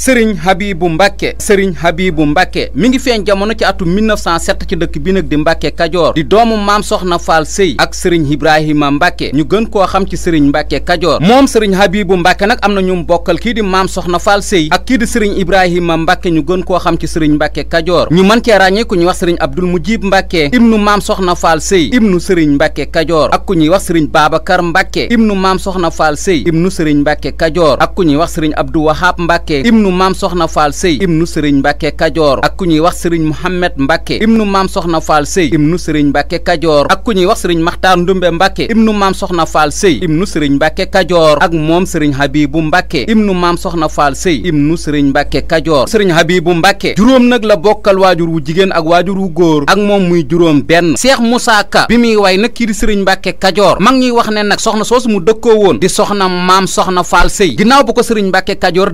sëriñ Habibou Mbacke sëriñ Habibou Mbacke mi ngi feeñ jamono ci atum 1907 ci dëkk bi nag di Mbacke Kajoor di doomu maam soxna Faal Sëy ak sëriñ Ibrahima Mbacke ñu gën koo xam ci sëriñ Mbacke Kajoor moom sëriñ Habibou Mbacke nag am na ñu bokkal kii di maam soxna Faal Sëy ak kii di sëriñ Ibrahima Mbacke ñu gën koo xam ci sëriñ Mbacke Kajoor ñu mën cee ràññee ku ñuy wax sëriñ Abdul Mujib Mbacke ibnu maam soxna Faal Sëy ibnu sëriñ Mbacke Kajoor ak ku ñuy wax sëriñ Babacar Mbacke ibnu maam soxna Faal Sëy ibnu sëriñ Mbacke Kajoor ak ku ñuy wax sëriñ Abdou Wahab Mbacke ibnu ibnu maam soxna faal sëy ibnu sëriñ mbàkke kajoor ak ku ñuy wax sëriñ mohammed mbàkke ibnu maam soxna faal sëy ibnu sëriñ mbàkke kajoor ak ku ñuy wax sëriñ maxtaar mbakke mbàkke nu maam soxna faal sëy ibnu sëriñ kajoor ak moom sëriñ habibu mbàkke ibnu maam soxna faal sëy ibnu sëriñ mbàkke kajoor sëriñ habibu mbàkke juróom nag la bokkal waajur wu jigéen ak waajur wu góor ak moom muy juróom benn seex musaa ka bi muy way nag kii di sëriñ mbàkke kajoor mag ñuy wax ne nag soxna soo soosu mu dëkkoo woon di soxna maam soxna faal sëy ginnaaw bu ko sëriñ mbàkke kajoor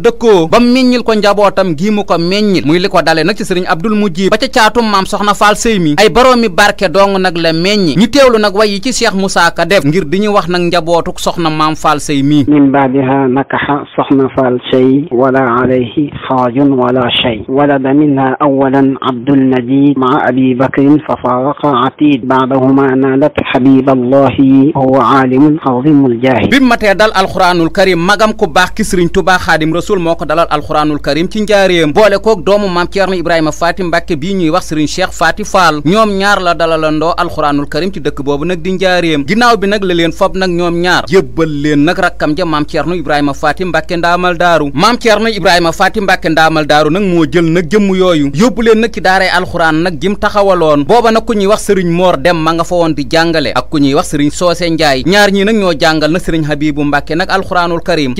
meññil ko njabootam gii mu ko meññil muy li ko dale nag ci sëriñ abdul mujjib ba ca maam soxna faal sëy ay boroomi barke dong nag la meññi ñu teewlu nag way ci cheikh moussa ka ngir di ñu wax nag njabootuk soxna maam faal sëy mii min baadiha nakaxa soxna faal sëy wala alayhi xaajun wala shay walada minha awalan abdul najid maa abi bakrin fa faaraqa atid baadahuma naalat xabib allahi huwa aalimun azimul jaahid bi mu matee dal alxuraanul karim magam ku baax ki sëriñ tubaa xaadim rasul moo ko dalal alxuraanul karim ci njaareem boole kook doomu maam Ceerno Ibrahima Faati Mbàkke bii ñuy wax Sëriñ Cheikh Faati Faal ñoom ñaar la dalalandoo alxuraanul karim ci dëkk boobu nag di njaareem ginnaaw bi nag la leen nag ñoom ñaar yëbbal leen nag rakkam ja maam Ceerno Ibrahima Faati Mbàkke ndaamal daaru maam Ceerno Ibrahima Faati Mbàkke ndaamal daaru nag moo jël nag jëmm yooyu yóbbu leen nag ci daaray alxuraan nag jim taxawaloon booba nag ku ñuy wax sëriñ Moor Dem ma nga fa woon di jàngale ak ku ñuy wax sëriñ Soose Njaay ñaar ñii nag ñoo jàngal nag sëriñ Habibu Mbàkke nag alxuraanul karim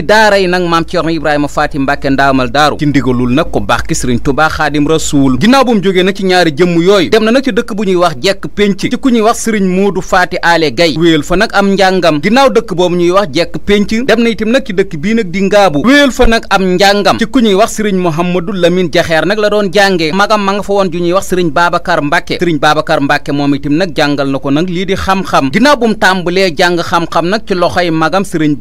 amal daaru ci ndigalul nag ko baax ki sëriñ tubaa xaadim rasuul ginnaaw bu mu jógee nag ci ñaari jëmm yooyu dem na nag ci dëkk bu ñuy wax jekk pénc ci ku ñuy wax sëriñ moodu faati aale gay wéyal fa nag am njàngam ginnaaw dëkk boobu ñuy wax jekk pénc dem na itam nag ci dëkk bii nag di ngaabu wéyal fa nag am njàngam ci ku ñuy wax sëriñ mouhamadou lamin jaxeer nag la doon jàngee magam ma nga fa woon ju ñuy wax sëriñ babacar mbàkke sëriñ babacar mbàkke moom itam nag jàngal na ko nag lii di xam-xam ginnaaw bu mu tàmbalee jàng xam-xam nag ci loxoy magam sëriñ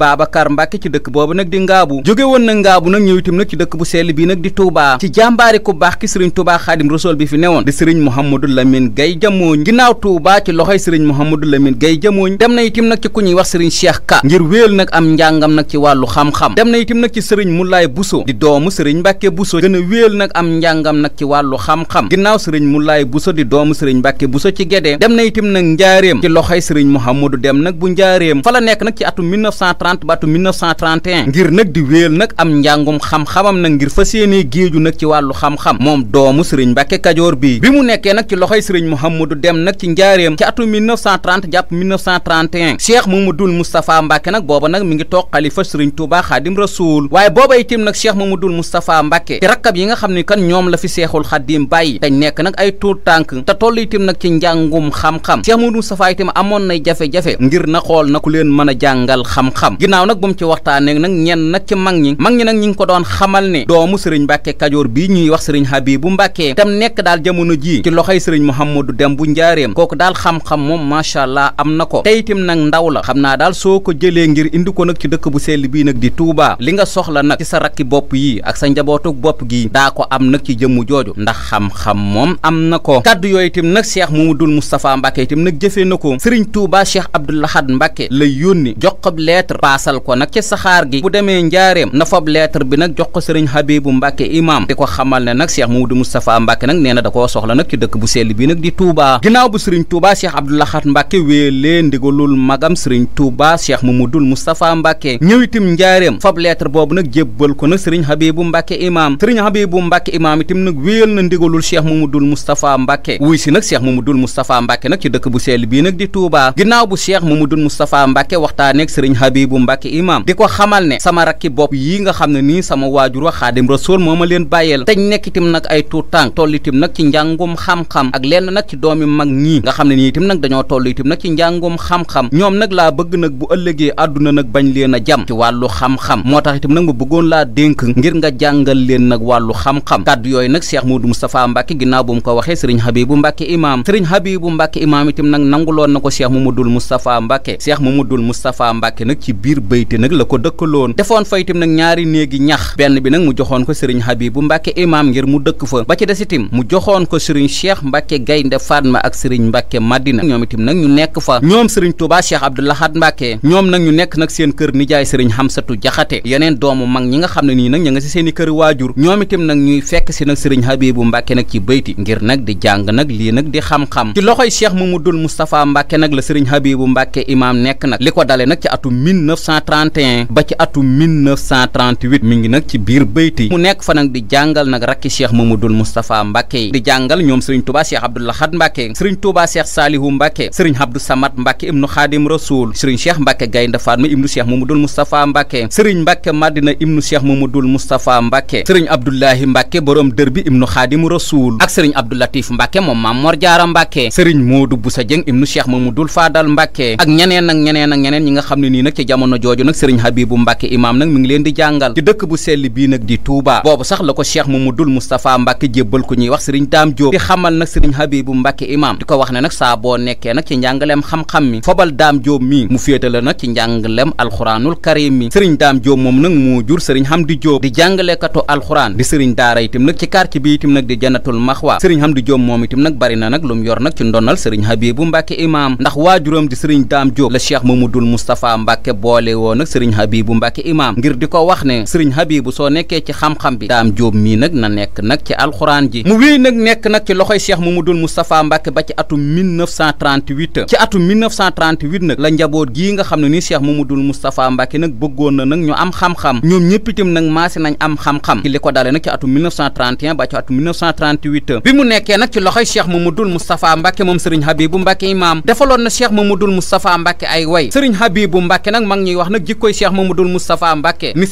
dëkk bu sell bii nag di Touba ci jàmbaari ku baax ki sëriñ Touba xaadim rasool bi fi newoon di sëriñ Mouhamadou Lamine Gaye Jamooñ ginnaaw Touba ci loxoy sëriñ Mouhamadou Lamine Gaye Jamooñ dem na itim nag ci ku ñuy wax sëriñ Cheikh Ka ngir wéel nag am njàngam nag ci wàllu xam-xam dem na itim nag ci sëriñ Moulay Bousso di doomu sëriñ Mbàkke Bousso a wéel nag am xam-xam ginnaaw sëriñ Moulay Bousso di doomu sëriñ Mbàkke Bousso ci Gédé dem na itim nag njaaréem ci loxoy sëriñ Mouhamadou dem nag bu njaaréem fa la nekk nag ci atum 1930 ba atum ngir nag ñoom nag ngir fas yéenee géeju nag ci wàllu xam-xam moom doomu sëriñ Mbàkke Kajoor bi bi mu nekkee nag ci loxoy sëriñ Mouhamadou Dem nag ci njaareem ci atum 1930 jàpp 1931 Cheikh Mamadou Moustapha Mbàkke nag booba nag mi ngi toog xalifa sëriñ Touba Xaadim Rasuul waaye booba itam nag Cheikh Mamadou Moustapha Mbàkke ci rakkab yi nga xam ni kan ñoom la fi Seexul Xaadim bàyyi dañ nekk nag ay tuur tànk te toll itam nag ci njàngum xam-xam Cheikh Mamadou Moustapha itam amoon nay jafe-jafe ngir na xool na ku leen mën a jàngal xam-xam ginnaaw nag bu mu ci waxtaanee nag ñenn nag ci xamal ne doomu sëriñ Mbàkke Kajoor bi ñuy wax sëriñ Habibu Mbàkke tam nekk daal jamono ji ci loxoy sëriñ Mouhamadou dem bu njaareem kooku daal xam-xam moom macha allah am na ko tey itam nag ndaw la xam naa daal soo ko jëlee ngir indi ko nag ci dëkk bu sell bii nag di Touba li nga soxla nag ci sa rakki bopp yi ak sa njabootuk bopp gi daa ko am nag ci jëmm jooju ndax xam-xam moom am na ko kaddu yooyu itam nag Cheikh Mamadou Moustapha Mbàkke itam nag jëfee na ko sëriñ Touba Cheikh Abdou Lahad Mbàkke la yónni jox ko lettre nag ci sëriñ Habibu Mbàkke imam di ko xamal ne nag Cheikh Mamadou Moustapha Mbàkke nag nee na da koo soxla nag ci dëkk bu sell bi nag di Touba ginnaaw bu sëriñ Touba Cheikh Abdou Lahad Mbàkke wéelee ndigalul magam sëriñ Touba Cheikh Mamadou Moustapha Mbàkke ñëw itam njaareem fab lettre boobu nag jébbal ko nag sëriñ Habibu Mbàkke imam sëriñ Habibu Mbàkke imam itam na ci dëkk bu sell bii nag di Touba ginnaaw bu Cheikh Mamadou Moustapha Mbàkke waxtaaneeg sëriñ Habibu Mbàkke imam di ko xamal ne sama rakki bopp yi nga xam ne nii sama waajur wa xaadim rasool moo ma leen bàyyeel teñ nekk itam nag ay tuut tànk toll itam nag ci njàngum xam-xam ak lenn nag ci doomi mag ñii nga xam ne nii itam nag dañoo toll itam nag ci njàngum xam-xam ñoom nag laa bëgg nag bu ëllëgee àdduna nag bañ leen a jam ci wàllu xam-xam moo tax itam nag ma bëggoon laa dénk ngir nga jàngal leen nag wàllu xam-xam kàddu yooyu nag seex Cheikh Modou Moustapha Mbacke ginnaaw bu mu ko waxee Serigne Habibou Mbacke imaam Serigne Habibou Mbacke imaam itam nag nanguloon na ko Cheikh Mamadou Moustapha Mbacke Cheikh Mamadou Moustapha Mbacke nag ci biir bayte nag la ko dëkkaloon defoon fa itam nag ñaari néegi ñax benn bi nag mu joxoon ko sëriñ Habibu Mbàkke imam ngir mu dëkk fa ba ci des itim mu joxoon ko sëriñ Cheikh Mbàkke Gaynde Fatma ak sëriñ Mbàkke Madina ñoom itim nag ñu nekk fa ñoom sëriñ Touba Cheikh Abdou Lahad Mbàkke ñoom nag ñu nekk nag seen kër nijaay sëriñ Hamsatu Jaxate yeneen doomu mag ñi nga xam ne nii nag ña si seen kër waajur ñoom itim nag ñuy fekk si nag sëriñ Habibu Mbàkke nag ci bayti ngir nag di jàng nag lii nag di xam-xam ci loxoy Cheikh Mamadul Moustapha Mbàkke nag la sëriñ Habibu Mbàkke imam biir bayti mu nekk fa nag di jàngal nag rakki cheikh mamadul moustapha mbàkke yi di jàngal ñoom sëriñ touba cheikh abdou lahad mbàkke sëriñ touba cheikh saalihu mbàkke sëriñ abdou samad mbàkke ibnu xaadim rasul sëriñ cheikh mbàkke gaynde fatma ibnu cheikh mamadul moustapha mbàkke sëriñ mbàkke madina ibnu cheikh mamadul moustapha mbàkke sëriñ abdoulahi mbàkke borom dër bi ibnu xaadim rasul ak sëriñ abdoulatif mbàkke moom maam mor jaara mbàkke sëriñ moodu busa jëng ibnu cheikh mamadul faadal mbàkke ak ñeneen ak ñeneen ak ñeneen ñi nga xam ne nii nag ci jamono jooju nag sëriñ habibu mbàkke imaam nag mi ngi leen di jàngal ci dëkk nag di Touba boobu sax la ko cheikh Mamadul Moustapha Mbacke jébbal ku ñuy wax sëriñ Daam Jóob di xamal nag sëriñ Habibu Mbacke imam di ko wax ne nag saa boo nekkee xam-xam mi fobal Daam Jóob mii mu féetale nag ci njàngaleem alxuraanul karim mi sëriñ Daam Jóob moom nag moo jur sëriñ Hamdi di jàngalekatu moom itam nag bari na nag lu mu yor nag ci ndonal sëriñ Habibu Mbacke imam ndax waajuram di sëriñ Daam Jóob la cheikh Mamadul Moustapha Mbacke boole woon nag sëriñ Habibu Mbacke imam ngir di ko wax ne nekkee ci xam-xam bi daam jóob nag na nekk nag ci alxuraan ji mu wéy nag ci loxoy ba ci atum 1938 ci atum nag la njaboot gii nga xam ne nii cheikh mamadul moustapha mbàkke nag bëggoon na nag ñu am xam-xam ñoom ñëpp itam nag maasi nañ am xam-xam ci li ko dalee nag ci atum 1931 mu nekkee nag ci loxoy cheikh sëriñ habibu mbàkke imaam defaloon na cheikh mamadul moustapha mbàkke ay way sëriñ habibu mbàkke nag mag ñuy wax nag jikkoy cheikh mamadul moustapha mbàkke mi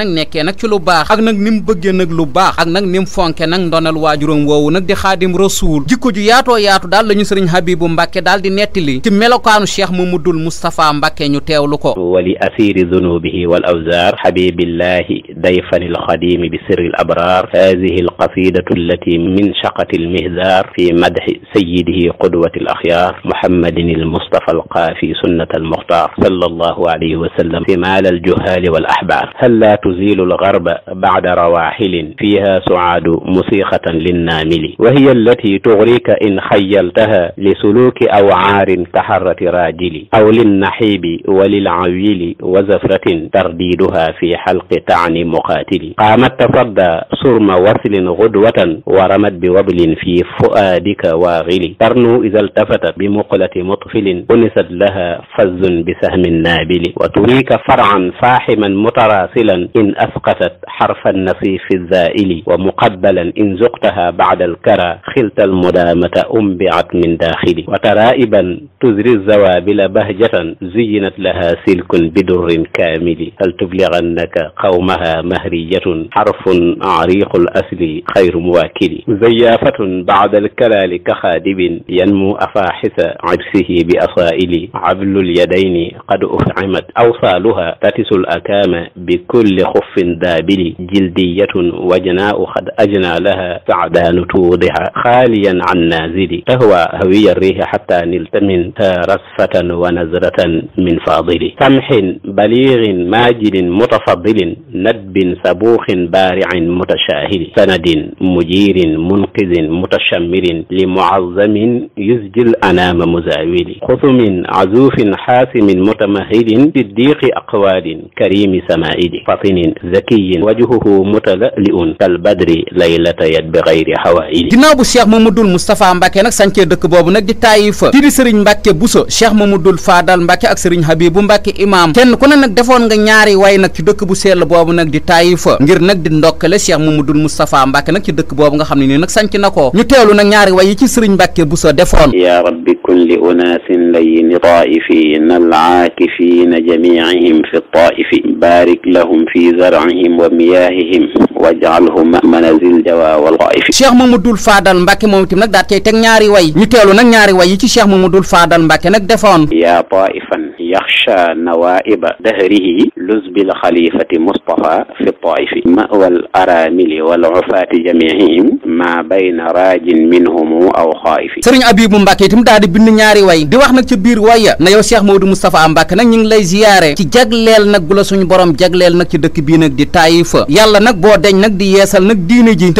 nag nekkee nag ci lu baax ak nag ni mu bëggee nag lu baax ak nag ni mu fonke nag ndonal waajuram woowu nag di xaadim rasuul jikko ju yaatoo yaatu daal la ñu sëriñ Habibu Mbàkke daal di nettali ci melokaanu cheikh Mamadul Moustapha Mbàkke ñu teewlu ko wali asiri zunubihi wal awzaa xabibillahi dayfani alxadimi bi sirri alabrar hadihi alqasidatu allati min shaqati almihdar fi madxi sayidihi qudwati alaxyar muhammadin almustafa alqaafi sunnat almuxtar sala allahu alayhi wa sallam fi maal aljuhali walaxbaar hal laa tuzilu algarba bacda rawaxilin fiha sucaadu musiqatan linnaamili wa hiya allati tugrika in xayaltaha lisuluki awcaarin kaxarati raajili aw linnaxiibi wa lilcawili wa zafratin tardiiduha في حلق طعن مقاتلي قامت تصدى صرم وصل غدوة ورمت بوبل في فؤادك واغلي ترنو إذا التفتت بمقلة مطفل أنست لها فز بسهم نابل وتريك فرعا فاحما متراسلا إن أسقطت حرف النصيف الزائل ومقبلا إن زقتها بعد الكرى خلت المدامة أنبعت من داخلي وترائبا تزري الزوابل بهجة زينت لها سلك بدر كامل هل تبلغ annaka qawmaha mahriyatun xarfun ariqul asli xayru muwakkili zayaafatun bacda alkalaali ka xaadibin yanmu afaaxisa cibsihi bi asaa'ili cablul yadayni qad ufcimat awsaaluha tatisul akaama bi kulli xuffin daabili jildiyatun wajnaau qad ajnaa laha sacdaanu tuudiha xaaliyan can naazili tahwa hawiya riihi xataa niltamin rasfatan wa nazratan min faadili samxin baliigin maajilin mutafadilin nadbin sabuuxin baariin mutashaahidi sanadin mujiirin munqidin mutashammirin li muazzamin yusjil anaama muzaawili xusumin azuufin xaasimin mutamahidin siddiqi aqwaadin karimi samaa'idi fatinin zakiyin wajhuhu mutalaliun kalbadri laylata yad bi gayri hawaa'idi ginnaaw bu cheikh mamadul moustapha mbàkke nag sancee dëkk boobu nag di taayifa kii di sëriñ mbàkke buso cheikh mamadul faadal mbàkke ak sëriñ habibu mbàkke imaam kenn ku ne nag defoon nga ñaari way nag ci dëkk bu sell boobu nag di Taïfa ngir nag di mu ndokkale Cheikh Mamadou Moustapha Mbacke nag ci dëkk boobu nga xam ne nii nag sanc na ko ñu teelu nag ñaari way yi ci sëriñ Mbacke bu sa defoon ya rabbi kulli unaasin layyin taa'ifin al-aakifin jami'ihim fi at-taa'ifi barik lahum fi zar'ihim wa miyaahihim waj'alhu manazil jawa wal ma cheikh mamadul faadal mbàkke moom itam nag daat cay teg ñaari way ñu teelu nag ñaari way yi ci cheikh mamadul faadal mbàkke nag defoon yaa taifan yaxsha nawaiba dahrihi luzbil xalifati mustafa fi taifi mawal aramili wal ufaati jamiihim ma bayna raajin minhumu aw xaifi sëriñ abibu mbàkke itam daal di bind ñaari way di wax nag ca biir waya na yow cheikh mamadou moustapha mbàkke nag ñu ngi lay ziyaare ci jagleel nag gu la suñu borom jagleel nag ci dëkk bii nag di taayifa yàlla nag boo dañ nag di yeesal nag diine ji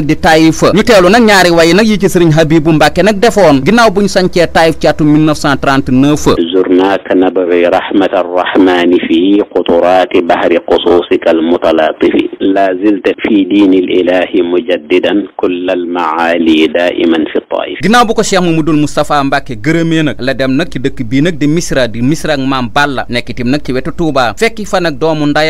di Taïf ñu teelu nag ñaari way nag yi ci sëriñ Habibu Mbàkke nag defoon ginnaaw bu ñu sancee Taïf ci atum 1939 zurnaaka nabawi fi quturati bahri qususika almutalatifi la zilta fi diini lilahi mujaddidan kulla almaali daiman fi taif ginnaaw bu ko cheikh mamadul moustapha mbàkke gërëmee nag la dem nag ci dëkk bii nag di misra di misra ak maam balla nekk itam nag ci wetu Touba fekki fa nag doomu ndaya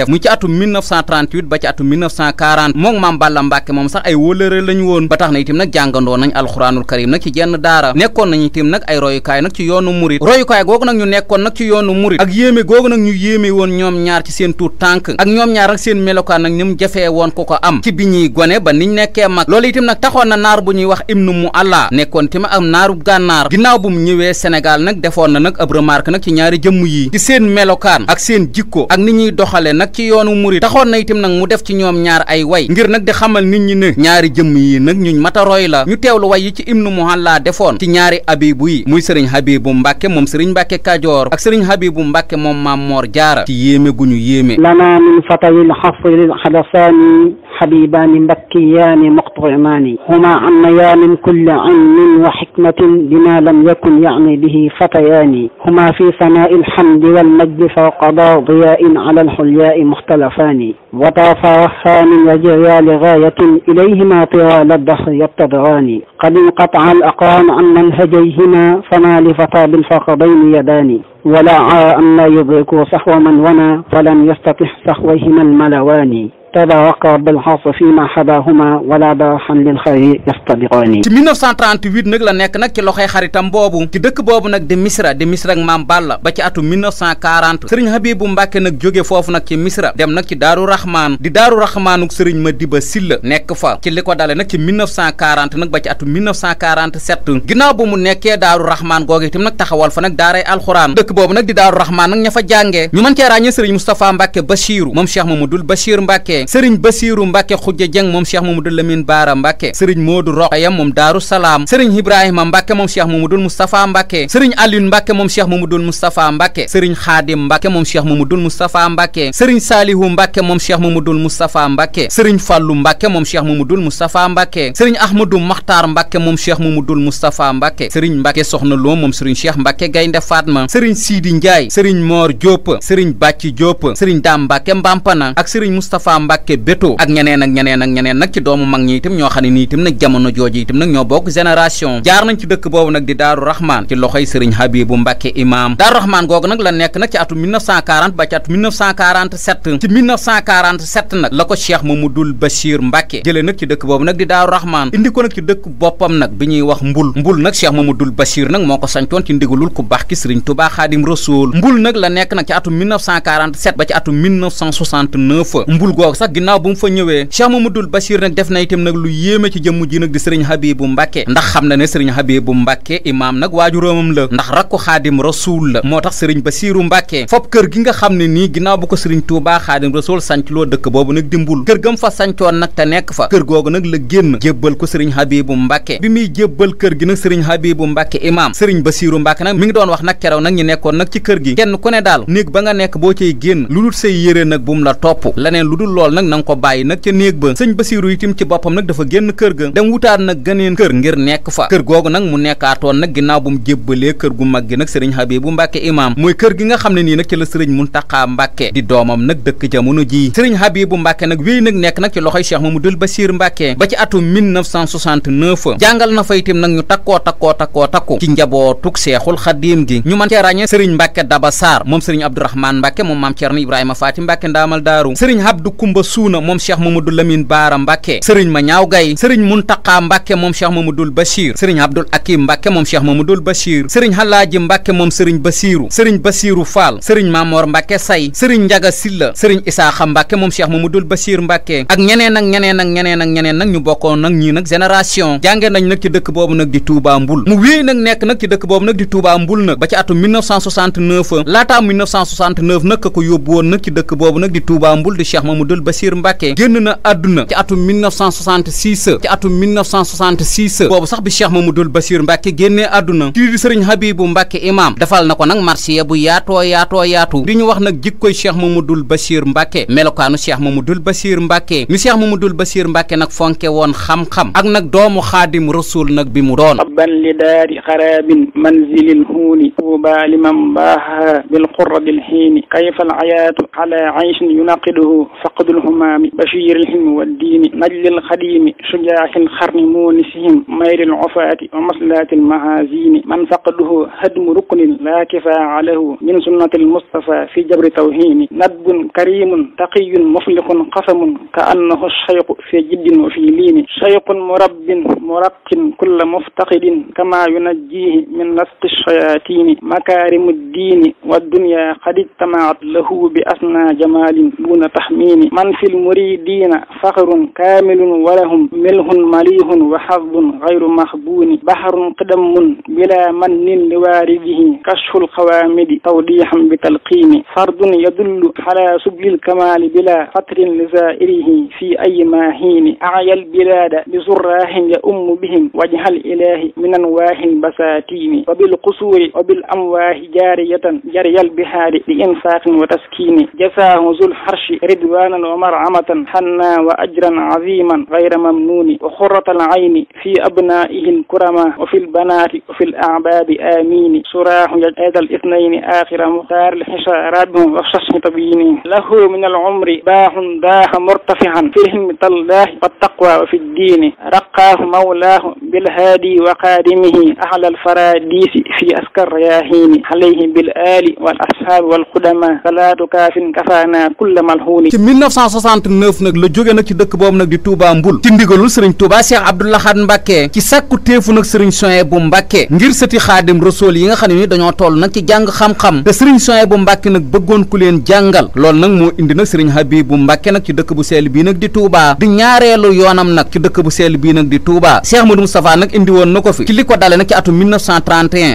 def mu ci atum 1938 ba ci atum maam Balla Mbàkke moom sax ay wólëre lañu woon ba tax na itam nag jàngandoo nañ alxuraanul karim nag ci jenn daara nekkoon nañu itam nag ay royukaay nag ci yoonu murit royukaay googu nag ñu nekkoon nag ci yoonu murit ak yéeme googu nag ñu yéeme woon ñoom ñaar ci seen tuut tànk ak ñoom ñaar ak seen melokaan nag ni mu woon ko ko am ci bi ñuy gone ba niñ nekkee mag loolu itam nag taxoon na naar bu ñuy wax ibnu mu allah nag ci yoonu murit taxoon na itam nag mu def ci ñoom ñaar ay way ngir nag di xamal nit ñi ne ñaari jëmm yi nag ñuñ mataroy la ñu teewlu way yi ci ibnu muhalla defoon ci ñaari abibu yi muy sëriñ habibu mbàkke moom sëriñ mbàkke kajoor ak sëriñ habibu mbàkke moom maam moor jaara ci yéeme gu ñu yéeme lana min fatawil xafril xadasaani xabibaani mbakkiyaani muqtarimaani huma annayaa min kulli ilmin wa xikmatin bima lam yakun yaani bihi fatayaani huma fi sanaa alhamdi walmajdi fawqa daadiyain ala alxulyaa الأشياء مختلفان وتفاخان وجريا لغاية إليهما طوال الدهر يتبعان قد انقطع الأقران عن منهجيهما فما لفتى بالفقدين يدان ولعا أن لا يدرك صحو من ونا فلم يستطع صحوهما الملوان تبا وقع بالحاص فيما حداهما ولا باحا للخير يفترقان ci 1938 nag la nekk nag ci loxoy xaritam boobu ci dëkk boobu nag di Misra di Misra ak Maam Balla ba ci atum sëriñ Habibu Mbàkke nag jóge foofu nag ci Misra dem nag ci Daaru Raxmaan di Daaru Raxmaanuk sëriñ Madiba Silla nekk fa ci li ko dale nag ci nag ba ci atum 1947 ginnaaw bu mu nekkee Daaru Raxmaan googu itam nag taxawal fa nag daaray alxuraan dëkk boobu nag di Daaru Raxmaan nag ña fa jàngee ñu mën cee ràññee sëriñ Moustapha Mbacke sëriñ Basiiru Mbacke xujja jëng moom Cheikh Mamadou Lamine Baara Mbacke sëriñ Moodu Roqaya moom Daaru Salaam sëriñ Ibrahima Mbacke moom Cheikh Mamadou Moustapha Mbacke sëriñ Alioune Mbacke moom Cheikh Mamadou Moustapha Mbacke sëriñ Xaadim Mbacke moom Cheikh Mamadou Moustapha Mbacke sëriñ Saalihu Mbacke moom Cheikh Mamadou Moustapha Mbacke sëriñ Fallu Mbacke moom Cheikh Mamadou Moustapha Mbacke sëriñ Ahmadou Makhtar Mbacke moom Cheikh Mamadou Moustapha Mbacke sëriñ Mbacke soxna loo moom sëriñ Cheikh Mbacke Gaynde Fatma sëriñ Sidi Ndiaye sëriñ Moor Diop sëriñ Bàcci Diop sëriñ Daam Mbacke Mbampana ak sëriñ Moustapha Mbàkke ci doomu mag ñi itam ñoo xam ne nii nag jamono jooju itam nag ñoo bokk génération jaar nañ ci dëkk boobu nag di Daaru Rahman ci loxoy Sëriñ Habibu Mbàkke imaam Daaru Rahman googu nag la nekk nag ci atu ba ci atu 1947 nag la ko Cheikh Mamadul Bachir Mbàkke jëlee nag ci dëkk boobu nag di Daaru Rahman indi nag ci dëkk boppam nag bi ñuy wax mbul mbul nag Cheikh Mamadul Bachir nag moo ko sañtoon ci ndigalul ku baax ki Sëriñ Tuubaa sax ginnaaw bu mu fa ñëwee Cheikh Mamadou Bachir nag def na itam nag lu yéeme ci jëmm ji nag di sëriñ Habibu Mbàkke ndax xam na ne sëriñ Habibu Mbàkke imaam nag waajuróomam la ndax rakku xaadim rasuul la moo tax sëriñ Basiiru Mbàkke fop kër gi nga xam ne nii ginnaaw bu ko sëriñ Tuubaa xaadim rasuul sanc loo dëkk boobu nag dimbul kër gam fa sancoon nag te nekk fa kër googu nag la génn jébbal ko sëriñ Habibu Mbàkke bi muy jébbal kër gi nag sëriñ Habibu Mbàkke imaam sëriñ Basiiru Mbàkke nag mi ngi doon wax nag keroog nag ñu nekkoon nag ci kër gi kenn ku ne daal néeg ba nga nekk boo cay génn lu dul say yére nag bu mu la topp nag na ko bàyyi nag ca néeg ba sëñ Basiiru itam ci boppam nag dafa génn kër ga dem wutaat nag gëneen kër ngir nekk fa kër googu nag mu nekkaatoon nag ginnaw bu mu jébbalee kër gu mag gi nag sëriñ Habibu Mbàkke imaam mooy kër gi nga xam ne nii nag ci la sëriñ Muntaxa Mbàkke di doomam nag dëkk jamono jii sëriñ Habibu Mbàkke nag wéy nag nekk nag ci loxo loxoy Cheikh Mamadul Basiir Mbàkke ba ci atum 1969 jàngal na fa itam nag ñu takkoo takkoo tak takku ci njabootug Seexul Xadiim gi ñu man cee ràññee sëriñ Mbàkke Daba Saar moom sëriñ Abdourahmaan Mbàkke moom maam Cerno Ibrahima Faati Mbàkke ndaamal daaru sëriñ Abdu Kumba Kumba Suuna moom Cheikh Mamadou Lamine Baara Mbacke sëriñ ma ñaaw gay sëriñ Muntaqa Mbacke moom Cheikh Mamadou Bachir sëriñ Abdul sëriñ Xalaaji Mbacke moom sëriñ Basiiru sëriñ Basiiru Faal sëriñ Maamoor Mbacke say sëriñ Njaga Silla sëriñ Isaaxa Mbacke moom Cheikh Mamadou Bachir Mbacke ak ñeneen ak ñeneen ak ñeneen ak ñeneen nag ñu bokkoon nag ñii nag génération jàngee nañ nag ci dëkk boobu nag di Touba Mbul mu wéy nag nekk nag ci dëkk boobu nag di Touba Mbul nag ba ci Mouhamadoul Bachir Mbacké génn na àdduna ci atum 1966 ci atum 1966 boobu sax bi Cheikh Mouhamadoul Bachir Mbacké génnee àdduna kii di sëriñ Habibou Mbacké imaam dafal na ko nag marsiya bu yaatoo yaatoo yaatu di ñu wax nag jikkoy Cheikh Mouhamadoul Bachir Mbacké melokaanu Cheikh Mouhamadoul Bachir Mbacké ni Cheikh Mouhamadoul Bachir Mbacké nag fonke woon xam-xam ak nag doomu xaadim rasul nag bi mu doon abban li daari xaraabin manzilil huuni tuuba liman baaha bil qurrabil hiini kayfa al ayaatu ala ayshin yunaqiduhu الهمام بشير الحلم والدين نجل الخديم شجاع الخرن مونسهم مير العفاة ومصلاة المهازين من فقده هدم ركن لا كفاع له من سنة المصطفى في جبر توهين ندب كريم تقي مفلق قسم كأنه الشيق في جد وفي لين شيق مرب مرق كل مفتقد كما ينجيه من لصق الشياطين مكارم الدين والدنيا قد اجتمعت له بأثنى جمال دون تحمين man fil muridina faxrun kaamilun walahum milhun malihun wa xadun gayru maxbuuni baharun qidammun bila mannin liwaaridihi kashful qawaamidi tawdixan bi talqiini fardun yadullu ala sublil kamaali bila fatrin lizairihi fi ayi maahiini ayal bilaada bi zurraahin ya ummu bihim wajhal ilahi min anwaahin basaatiini wa bil qusuuri wa bil amwaahi jaariyatan jariyal bihaari li infaaqin wa taskiini jasaahu zul harshi ridwaanan ومرعمة حنا وأجرا عظيما غير ممنون وقرة العين في أبنائهم كرما وفي البنات وفي الأعباب آمين سراح هذا الاثنين آخر مختار الحشا رابهم وخشش تبيني له من العمر باح داح مرتفعا فيهم الله والتقوى وفي الدين رقاه مولاه بالهادي وقادمه أعلى الفراديس في أسكى الرياحين عليه بالآل والأصحاب والقدماء صلاة كاف كفانا كل ملهون 1969 nag la jóge nag ci dëkk boobu nag di Touba Mbul ci ndigalul sëriñ Touba Cheikh Abdou Lahad Mbacke ngir sëti xaadim rasool yi nga xam ne ni dañoo toll nag ci jàng xam-xam te sëriñ Souhaïbou Mbacke nag bëggoon ku jàngal loolu nag moo indi nag sëriñ Habibou Mbacke nag ci dëkk bu sell bii nag di Touba di ñaareelu yoonam nag ci dëkk bu sell bii nag di Touba Cheikh Modou Moustapha nag indi woon na ko fi ci li ko dale nag ci atum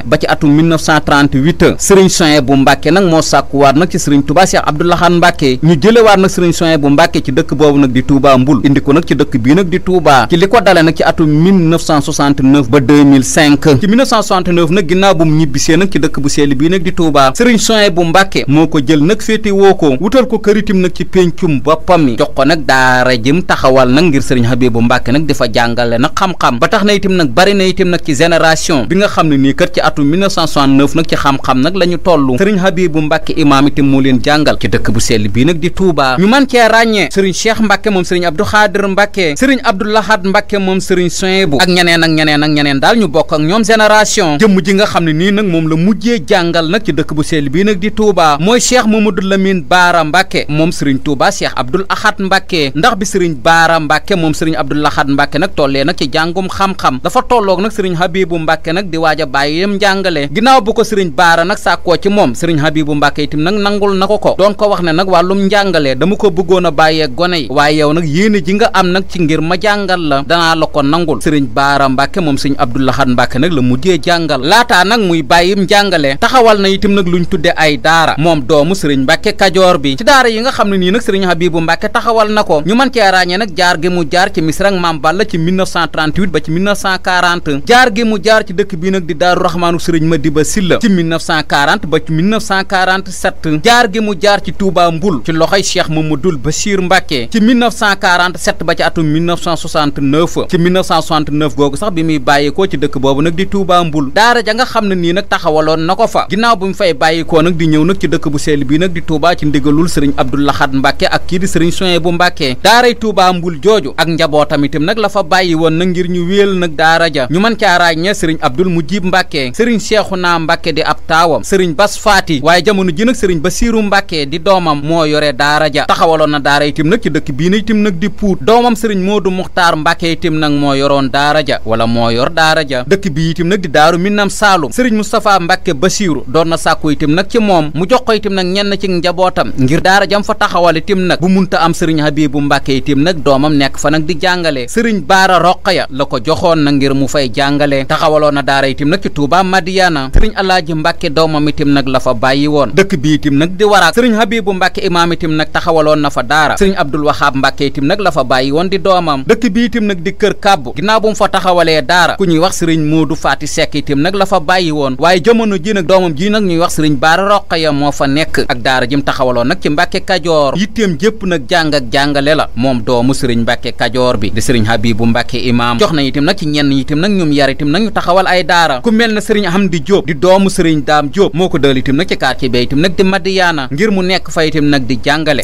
ba ci atum sëriñ Souhaïbou Augustin bu Mbàkke ci dëkk boobu nag di Touba Mbul indi ko nag ci dëkk bii nag di Touba ci li ko dale nag ci atum ba nag ginnaaw bu mu moo ko jël nag féete woo ko wutal ko këritim nag ci péncum boppam mi jox ko nag daara jëm taxawal nag ngir Serigne Habibu Mbàkke nag di fa jàngale nag xam-xam ba tax na itam nag bari na itam nag ci génération bi nga xam ne nii kat ci atum 1969 nag ci xam-xam nag la ñu toll Serigne Habibu Mbàkke imaam itam moo leen jàngal ci dëkk bu sell bii nag di Touba ñu cee ràññee sëriñ cheikh mbàkke moom sëriñ abdou xaadir mbàkke sëriñ abdou lahad mbàkke moom sëriñ soyebu ak ñeneen ak ñeneen ak ñeneen daal ñu bokk ak ñoom génération jëmm ji nga xam ne nii nag moom la mujjee jàngal nag ci dëkk bu sell bii nag di Touba mooy cheikh mamadou lamine baara mbàkke moom sëriñ Touba cheikh abdoul ahad mbàkke ndax bi sëriñ baara mbake moom sëriñ abdou lahad mbàkke nag tollee nak ci jàngum xam-xam dafa tolloog nag sëriñ habibu mbàkke nag di waaj a bàyyi yam njàngale ginnaaw bu ko sëriñ baara nag sàkkoo ci moom sëriñ habibu mbàkke itam nag nangul na ko ko doon ko wax ne nag wàllum njàngale dama ko bëggoon a bàyyee gone yi waaye yow nag yéene ji nga am nag ci ngir ma jàngal la danaa la ko nangul sëriñ baara mbàkke moom sëriñ abdou lahad mbàkke nag la mujjee jàngal laataa nag muy bàyyim njàngale taxawal na itam nag luñ tudde ay daara moom doomu sëriñ mbàkke kajoor bi ci daara yi nga xam ne nii nag sëriñ habibu mbàkke taxawal na ko ñu mën cee ràññee nag jaar gi mu jaar ci misra ak maam balla ci 1938 ba ci 1940 jaar gi mu jaar ci dëkk bii nag di daaru raxmaanu sëriñ madiba silla ba Mouhamadoul Bachir Mbacké ci 1947 ba ci atum 1969 ci 1969 googu sax bi muy bàyyikoo ci dëkk boobu nag di Touba Mbul daara ja nga xam ne nii nag taxawaloon na ko fa ginnaaw bu mu fay bàyyikoo nag di ñëw nag ci dëkk bu sell bii nag di Touba ci ndigalul sëriñ Abdou Lahad ak kii di sëriñ Soye bu Mbacké daaray Touba Mbul jooju ak njabootam itam nag la fa bàyyi woon nag ngir ñu wéel nag daara ja ñu mën caa ràññee sëriñ Abdoul Mujib Mbacké sëriñ Cheikhouna Mbacké di ab taawam sëriñ Bas Faati waaye jamono ji nag sëriñ Basiru Mbacké di doomam moo yore daara ja taxawaloon yoroon na daara itim nag ci dëkk bii na itim nag di puut doomam sëriñ Moodu Muxtaar Mbàkke itim nag moo yoroon daara ja wala moo yor daara ja dëkk bi itim nag di daaru Minam Saalum sëriñ Moustapha Mbàkke Basiiru doon na sàkku itim nag ci moom mu jox ko itim nag ñenn ci njabootam ngir daara jam fa taxawal itim nag bu munta am sëriñ Habiibu Mbàkke itim nag doomam nekk fa nag di jàngale sëriñ Baara Roqaya la ko joxoon na ngir mu fay jàngale taxawaloon na daara itim nag ci Tuubaa Madiyaana sëriñ Alaaji Mbàkke doomam itim nag la fa bàyyi woon dëkk bi fa daara sëriñ Abdul Wahab Mbàkke itam nag la fa bàyyi woon di doomam dëkk bi itam nag di kër kàbbu ginnaaw bu mu fa taxawalee daara ku ñuy wax sëriñ Moodu Faati Sekk itam nag la fa bàyyi woon waaye jamono ji nag doomam ji nag ñuy wax sëriñ Baara ya moo fa nekk ak daara ji mu taxawaloon nag ci Mbàkke Kajoor yitteem jépp nag jàng ak jàngale la moom doomu sëriñ Mbàkke Kajoor bi di sëriñ Habibu Mbàkke imaam jox na itam nag ci ñenn itam nag ñoom yar itam nag ñu taxawal ay daara ku mel na sëriñ Amdi Jóob doomu sëriñ Daam Jóob moo ko dal itam nag ci quartier bi itam nag di Madiyaana ngir nekk fa itam nag di jàngale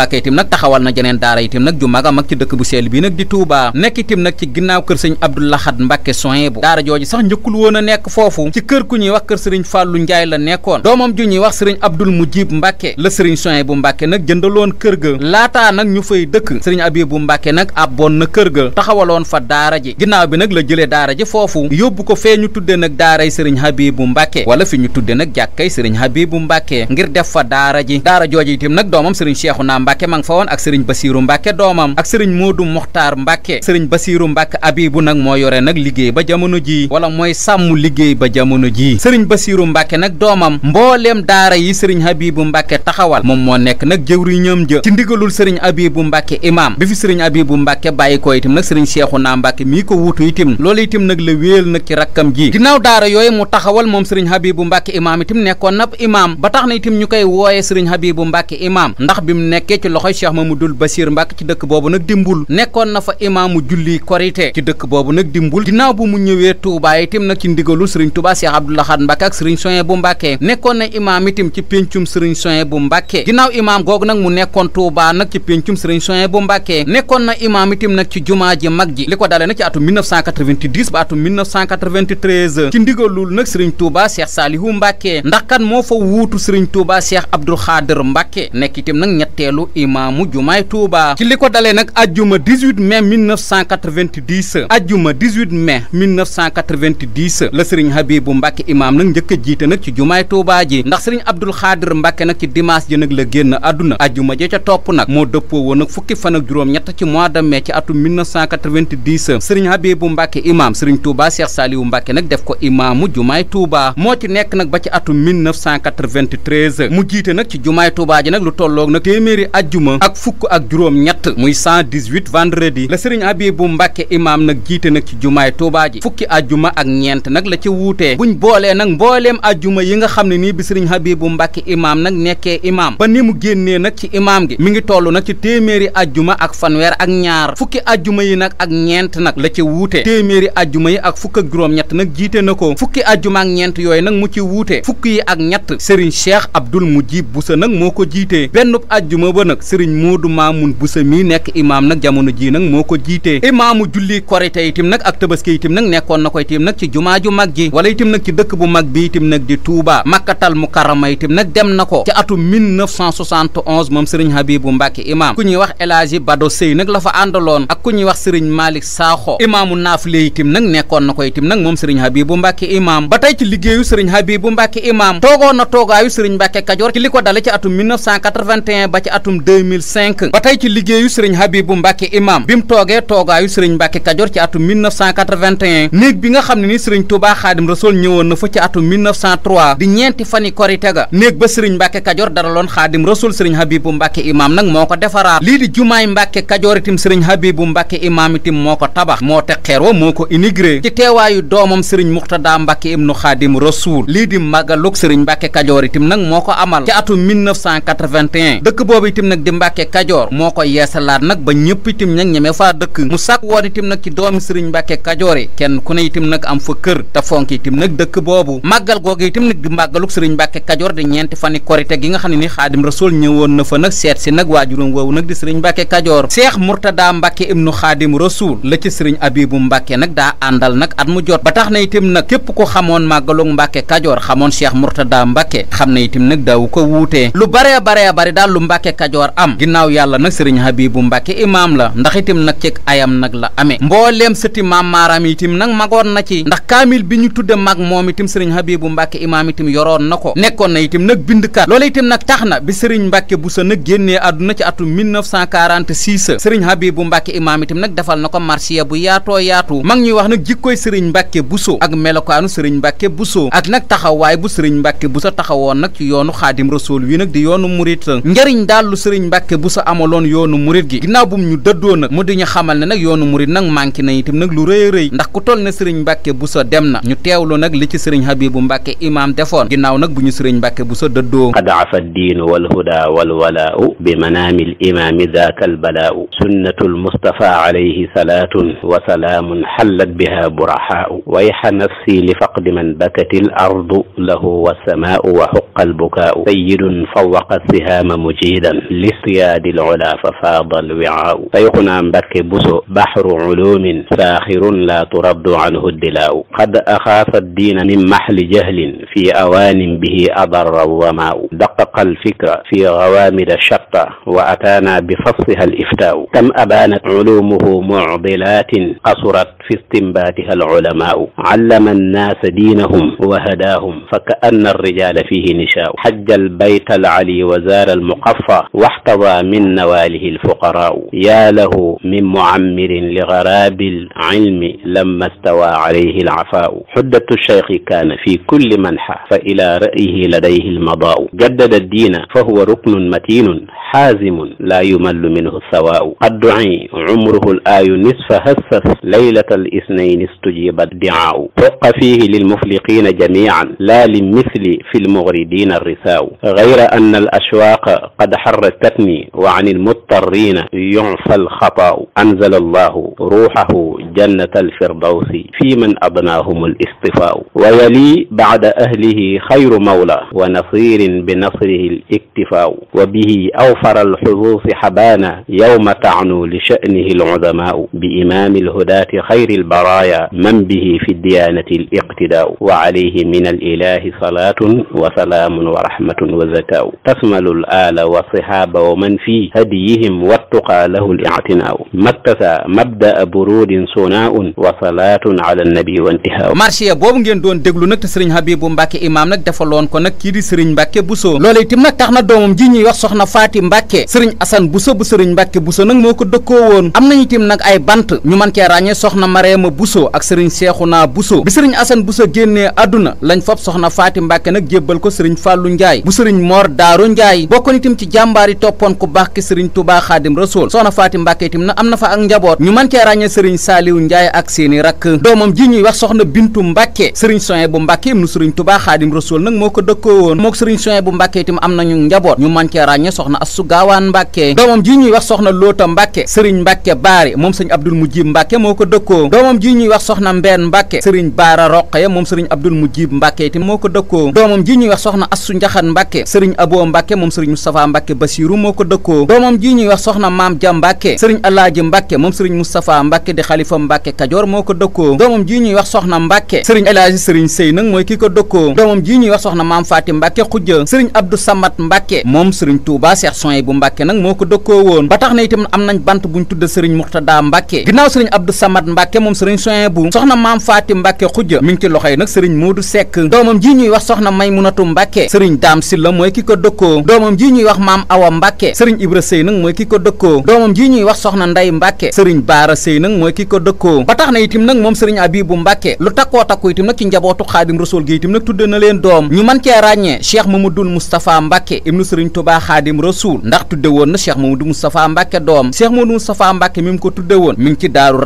Mbàkke itam nag taxawal na jeneen daara itam nag ju mag a mag ci dëkk bu sell bi nag di Touba nekk itam nag ci ginnaaw kër sëñ Abdou Lahad Mbàkke soin bu daara jooju sax njëkkul woon a nekk foofu ci kër ku ñuy wax kër sëriñ Fàllu Njaay la nekkoon doomam ju ñuy wax sëriñ Abdul Mujib Mbàkke la sëriñ soin bu Mbàkke nag jëndaloon kër ga laataa nag ñu fay dëkk sëriñ Abibu Mbàkke nag abboon na kër ga taxawaloon fa daara ji ginnaaw bi nag la jëlee daara ji foofu yóbbu ko fee ñu tudde nag daaray sëriñ Habibu Mbàkke wala fi ñu tudde nag jàkkay sëriñ Habibu Mbàkke ngir def fa daara ji daara jooju Mbacke ma nga fa woon ak sëriñ Basiiru Mbacke doomam ak sëriñ Moodu Moxtaar Mbacke sëriñ Basiiru Mbacke Abibu nag moo yore nag liggéey ba jamono jii wala mooy sàmm liggéey ba jamono jii sëriñ Basiiru Mbacke nag doomam mbooleem daara yi sëriñ Abibu Mbacke taxawal moom moo nekk nag jëwriñam ja ci ndigalul sëriñ Abibu Mbacke imaam bi fi sëriñ Abibu Mbacke bàyyi ko itam nag sëriñ Seexuna Mbacke mii ko wuutu itam loolu itam nag la wéel nag ci rakkam ji ginnaaw daara yooyu mu taxawal moom sëriñ Abibu Mbacke imaam itam nekkoon nab imaam ba tax na itam ñu koy wooye sëriñ Abibu Mbacke imaam ndax ci loxoy Cheikh Mamadul Basiir Mbàkke ci dëkk boobu nag dimbul nekkoon na fa imaamu julli korite ci dëkk boobu nag dimbul ginnaaw bu mu ñëwee Touba itam nag ci ndigalul Serigne Touba Cheikh Abdou Lahad Mbàkke ak Serigne Soye bu Mbàkke nekkoon na imaam itam ci pencum Serigne Soye bu Mbàkke ginnaaw imaam googu nag mu nekkoon Touba nag ci péncum Serigne Soye bu Mbàkke nekkoon na imaam itam nag ci jumaa ji mag ji li ko dalee nag ci atum 1990 ba atum 1993 ci ndigalul nag Serigne Touba Cheikh Salihu Mbàkke ndax kan moo fa wuutu Serigne Touba Cheikh Abdou Khader Mbàkke nekk itam nag ñetteelu imaamu jumaay Touba ci li ko dalee nag ajjuma 18 mai 1990 ajjuma 18 mai 1990 la sëriñ bu Mbàkke imaam nag njëkk jiite nag ci jumaay Touba ji ndax sëriñ Abdul Xaadir Mbàkke nag ci dimanche ji nag la génn àdduna ajuma ja ca topp nag moo dëppoo woon nag fukki fan ak juróom-ñett ci mois de mai ci atum 1990 sëriñ bu Mbàkke imaam sëriñ Touba Cheikh Saliou Mbàkke nag def ko imaamu jumaay Touba moo ci nekk nag ba ci atum 1993 mu jiite nag ci jumaay Touba ji nag lu tolloog nag téeméeri ajjuma ak fukk ak juróom-ñett muy 118 vendredi la sëriñ Abibu Mbàkke imaam nag jiite nag ci jumaay Tuubaa ji fukki ajjuma ak ñeent nag la ci wuutee buñ boolee nag mbooleem ajjuma yi nga xam ne nii bi sëriñ Abibu Mbàkke imaam nag nekkee imaam ba ni mu génnee nag ci imaam gi mi ngi toll nag ci téeméeri ajjuma ak fanweer ak ñaar fukki ajjuma yi nag ak ñeent nag la ci wuutee téeméeri ajjuma yi ak fukk ak juróom-ñett nag jiite na ko fukki ajjuma ak ñeent yooyu nag mu ci wuutee fukk yi ak ñett sëriñ Cheikh Abdul Mujib Busa nag moo ko jiitee benn ajjuma ba nag sëriñ na ko itim nag ci jumaa ju mag ji wala itim nag ci dëkk bu mag bi itim nag di Touba makkatal mukarrama Habibu ba tey imaam toogoon toogaayu sëriñ Mbàkke Kajoor ci li ko dale ci atu ba ci atu atum 2005 ba tey ci liggéeyu sëriñ Habibu Mbàkke imam bi mu toogee toogaayu sëriñ Mbàkke Kajoor ci atum néeg bi nga xam ne ni sëriñ Tuubaa Xaadim Rasuul ñëwoon na fa ci atum 1903 di ñeenti fani ga néeg ba sëriñ Mbàkke Kajoor daraloon Xaadim Rasuul sëriñ Habibu Mbàkke imam nag moo ko defaraat lii di jumaay Mbàkke Kajoor sëriñ Habibu Mbàkke imam moo ko tabax moo teg xeer wa moo ko inigré ci teewaayu doomam sëriñ Muxtada Mbàkke ibnu Xaadim Rasuul lii di màggalug sëriñ Mbàkke Kajoor itam itim nag di Mbàkke Kajoor moo ko yeesalaat nag ba ñëpp itim nag ñeme faa dëkk mu sàkk woon itim nag ci doomi sëriñ Mbàkke Kajoor yi kenn ku ne itim nag am fa kër te fonk itim nag dëkk boobu màggal googu itim nag di màggaluk sëriñ Mbàkke Kajoor di ñeenti fani korite gi nga xam ne ni Xaadim Rasuul ñëwoon na fa nag seet si nag waajuram woowu nag di sëriñ Mbàkke Kajoor Seex Murtada Mbàkke ibnu Xaadim Rasuul la ci sëriñ Abibu Mbàkke nag daa àndal nag at mu jot ba tax na itim nag képp ko xamoon màggaluk Mbàkke Kajoor xamoon Seex Murtada Mbàkke xam na itim nag daawu ko wuutee kajoor am ginnaaw yàlla nag sëriñ Habibu Mbàkke imaam la ndax itam nag ceeg ayam nag la amee mbooleem sëti maam maaram itam nag magoon na ci ndax kaamil bi ñu tudde mag moom itam sëriñ Habibu Mbàkke imaam itam yoroon na ko nekkoon na itam nag bind bindkat loola itam nag tax na bi sëriñ Mbàkke sa nag génnee àdduna ci atum 1946 sëriñ Habibu Mbàkke imaam itam nag defal na ko marsiya bu yaatoo yaatu mag ñuy wax nag jikkooy sëriñ Mbàkke Buso ak melokaanu sëriñ Mbàkke Buso ak nag taxawaay bu sëriñ Mbàkke Buso taxawoon nag ci yoonu xaadim rasool wi nag di yoonu murit sëriñ Mbàkke bu sa amaloon yoonu murit gi ginnaaw bu mu ñu dëddoo nag mu di ñu xamal ne nag yoonu murit nag manqué na itam nag lu rëy a rëy ndax ku toll ne sëriñ Mbàkke bu sa dem na ñu teewlu nag li ci sëriñ Habibu Mbàkke imaam defoon ginnaaw nag bu ñu sëriñ Mbàkke bu sa dëddoo qad afa diinu walhuda walwalaau bi manaamil imaami daaka albalaau sunnatu almustafa alayhi salaatun wa salaamun xallat biha buraxaau wayxa nafsi li faqdi man bakati alardu lahu wasamaau wa xuqa albukaau sayidun fawwaqa sihaama mujiidan listiyaadi lula fa faada alwiaau sayxunaa mbàkke buso baxru culuumin saaxirun laa turaddu anhu dilaaw qad axaafa diina min maxli jahlin fi awaanin bihi adarra wamaau daqaqa alfikra fi gawaamida shatta wa ataanaa bi fassiha aliftaau kam abaanat culuumuhu mucdilatin qasurat fi istinbaatiha alulamaau allama annaasa diinahum wa hadaahum fa ka anna alrijala fihi nishaau xajja albayt alali wa zaara almuqafa waxtada min nawaalihi alfuqaraau yaa lahu min muammirin li garaabi alcilmi lamma stawa alayhi alcafaau xuddatu lcheykhi kaana fi kulli manxa fa ila ra'yihi ladayhi almadaau jaddada addiina fa huwa ruknun matinun xaazimun laa yumallu minhu sawaau qad duci cumruhu alaayu nisfa hassas laylata wal isnayn istujiba diaaw wafqa fihi lilmufliqina jamian la limithli fi lmughridina arrisaaw gayra anna al ashwaaqa qad xarrakatni wa an almuttarrina yufa alxataaw anzala allahu ruuxahu jannat alfirdawsi fi man abnaahum alistifaaw wa yali bacda ahlihi xayru mawla wa nasirin binasrihi aliktifaaw wa bihi awfara alxusuusi xabaana yowma tacnu li sha'nihi alcudamaau bi imaami alhudaati xayri خير البرايا من به في الديانة الاقتداء وعليه من الإله صلاة وسلام ورحمة وزكاء تشمل الآل والصحاب ومن في هديهم والتقى له الاعتناء مكتسى مبدأ برود صناء وصلاة على النبي وانتهاء marsiya boobu ngeen doon déglu nag te sëriñ Habibu Mbàkke imaam nag defaloon ko nag kii di sëriñ Mbàkke Buso loola itam nag tax na doomam ji ñuy wax soxna Faati Mbàkke sëriñ Asan Buso bu sëriñ Mbàkke Buso nag moo ko dëkkoo woon am nañu itam nag ay bant ñu mën cee ràññee soxna Mareema Bousso ak sëriñ Seexuna Bousso bi sëriñ Assane Bousso génnee àdduna lañ fop soxna Faati Mbàkke nag jébbal ko sëriñ Fàllu Njaay bu sëriñ Mor Daaru Njaay bokkoon itam ci jàmbaar yi toppoon ku baax ki sëriñ Tubaa Xaadim soxna Faati Mbàkke itam na am na fa ak njaboot ñu mën cee ràññee sëriñ Saaliwu Njaay ak seeni rakk doomam ji ñuy wax soxna Bintu Mbàkke sëriñ Soye bu Mbàkke im nu sëriñ Tubaa Xaadim Rasuul moo ko dëkkoowoon mook sëriñ bu Mbàkke itam am nañu njaboot ñu mën cee ràññee soxna Assu Gaawaan Mbàkke doomam ji ñuy wax soxna Loota dëkkoo doomam ji ñuy wax soxna Mbeen Mbàkke sëriñ Baara Roqaya moom sëriñ Abdul Mujib Mbàkke itam moo ko dëkkoo doomam ji ñuy wax soxna Assu Njaxan Mbàkke sëriñ Aboo Mbàkke moom sëriñ Moustapha Mbàkke Basiiru moo ko dëkkoo doomam ji ñuy wax soxna Maam Ja Mbàkke sëriñ Alaaji Mbàkke moom sëriñ Moustapha Mbàkke di xalifa Mbàkke Kajoor moo ko dëkkoo doomam ji ñuy wax soxna Mbàkke sëriñ Alaaji sëriñ Sëy nag mooy ki ko dëkkoo doomam ji ñuy wax soxna Maam Faati Mbàkke xujja sëriñ Abdu Samat Mbàkke moom sëriñ Tuubaa Seex Soy bu Mbàkke nag moo ko dëkkoo woon ba tax na itam am nañ bant buñ tudde sëriñ Muxtada Mbàkke ginnaaw sëriñ Abdu Samat Mbàkke Mbàkke moom sëriñ Souhaïbou soxna maam Faati Mbàkke xujja mi ngi ci loxoy nag sëriñ Moodu Seck doomam ji ñuy wax soxna Maymunatu Mbàkke sëriñ Daam Silla mooy ki ko dëkkoo doomam ji ñuy wax maam Awa Mbàkke sëriñ Ibra Sëy nag mooy ki ko dëkkoo doomam ji ñuy wax soxna Nday Mbàkke sëriñ Baara Sëy nag mooy ki ko dëkkoo ba tax na itim nag moom sëriñ Abibu Mbàkke lu takkoo takku itim nag ci njabootu Xaadim Rasuul gi itim nag tudde na leen doom ñu mën cee ràññee Cheikh Mamadul Moustapha Mbàkke ibnu sëriñ Tubaa Xaadim Rasuul ndax tudde woon na Cheikh Mamadou Moustapha Mbàkke doom Cheikh Mamadou ko tudde woon mi ngi ci Daaru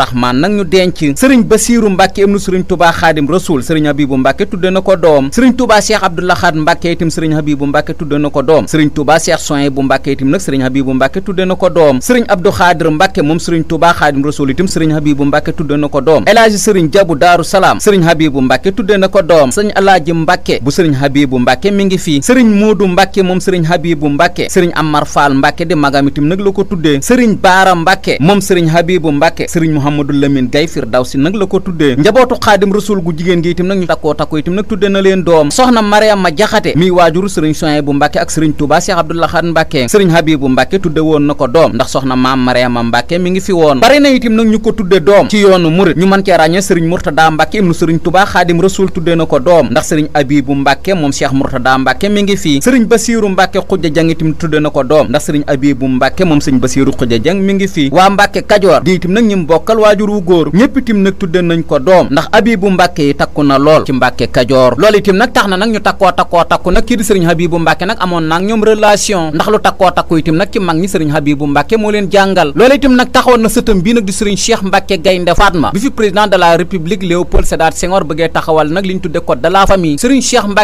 denc sëriñ Basiiru Mbàkke ibnu sëriñ Tubaa Xaadim Rasuul sëriñ Habibu Mbàkke tudde na ko doom sëriñ Tubaa Cheikh Abdou Lahad Mbàkke itam sëriñ Habibu Mbàkke tudde na ko doom sëriñ Tubaa Cheikh Sohaybu Mbàkke itam nag sëriñ Habibu Mbàkke tudde na ko doom sëriñ Abdou Xaadir Mbàkke moom sëriñ Tubaa Xaadim Rasuul itam sëriñ Habibu Mbàkke tudde na ko doom Elaaji sëriñ Jabu Daaru Salaam sëriñ Habibu Mbàkke tudde na ko doom sëriñ Alaaji Mbàkke bu sëriñ Habibu Mbàkke mi ngi fii sëriñ Moodu Mbàkke moom sëriñ Habibu Mbàkke sëriñ Amar Faal Mbàkke di magam itam nag la ko tuddee sëriñ Baara Mbàkke moom sëriñ Habibu Mbàkke sëriñ Muhammadu Lamin Gay jannatay firdawsi nag la ko tuddee njabootu xaadim rasul gu jigéen gi itam nag ñu takkoo takko itam nag tudde na leen doom soxna mariam jaxate miy waajuru sëriñ soen bu mbàkke ak sëriñ touba cheikh abdoulahan mbàkke sëriñ habibu mbàkke tudde woon na ko doom ndax soxna maam mariama mbàkke mi ngi fi woon bari na itam nag ñu ko tudde doom ci yoonu murit ñu mën cee ràññee sëriñ murtada mbàkke ibnu sëriñ touba xaadim rasul tudde na ko doom ndax sëriñ ñëpp itam nag tudde nañ ko doom ndax abibu mbàkke yi takku na lool ci mbàkke kajoor loolu itam nag tax na nag ñu takkoo takkoo takku nag kii di sëriñ abibu mbàkke nag amoon naag ñoom relation ndax lu takkoo takku itam nag ci mag ñi sëriñ abibu mbàkke moo leen jàngal lool itam nag taxoon na sëtam bii nag di sëriñ cheikh mbàkke gaynde fatma bi fi président de la république léopold sédar senghor bëggee taxawal nag li ñu tudde code de la famille sëriñ cheikh na